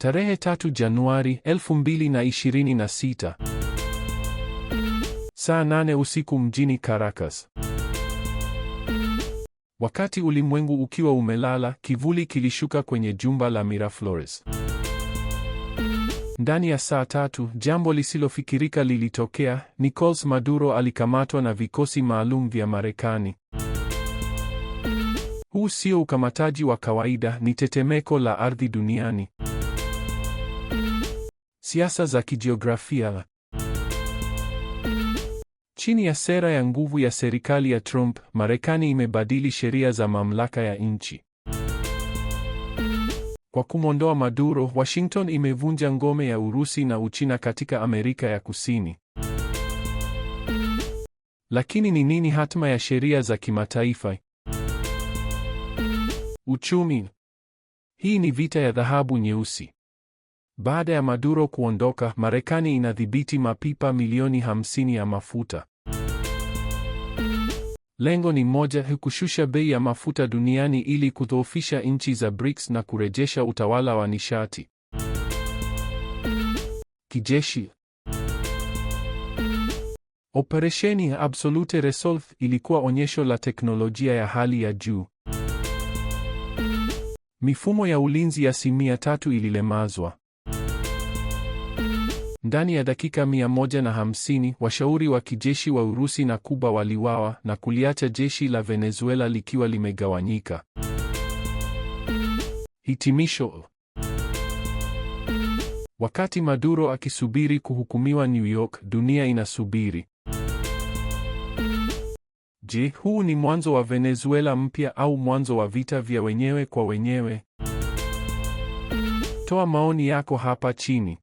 Tarehe 3 Januari 2026 saa 8 usiku mjini Caracas. Wakati ulimwengu ukiwa umelala, kivuli kilishuka kwenye jumba la Miraflores. Ndani ya saa tatu, jambo lisilofikirika lilitokea. Nicolas Maduro alikamatwa na vikosi maalum vya Marekani. Huu sio ukamataji wa kawaida, ni tetemeko la ardhi duniani. Siasa za kijiografia. Chini ya sera ya nguvu ya serikali ya Trump, Marekani imebadili sheria za mamlaka ya nchi. Kwa kumwondoa Maduro, Washington imevunja ngome ya Urusi na Uchina katika Amerika ya Kusini. Lakini ni nini hatma ya sheria za kimataifa? Uchumi. Hii ni vita ya dhahabu nyeusi. Baada ya Maduro kuondoka, Marekani inadhibiti mapipa milioni 50 ya mafuta. Lengo ni moja, kushusha bei ya mafuta duniani ili kudhoofisha nchi za BRICS na kurejesha utawala wa nishati. Kijeshi. Operesheni ya Absolute Resolve ilikuwa onyesho la teknolojia ya hali ya juu. Mifumo ya ulinzi ya simia tatu ililemazwa. Ndani ya dakika 150 washauri wa kijeshi wa Urusi na Kuba waliwawa na kuliacha jeshi la Venezuela likiwa limegawanyika. Hitimisho. Wakati Maduro akisubiri kuhukumiwa New York, dunia inasubiri. Je, huu ni mwanzo wa Venezuela mpya au mwanzo wa vita vya wenyewe kwa wenyewe? Toa maoni yako hapa chini.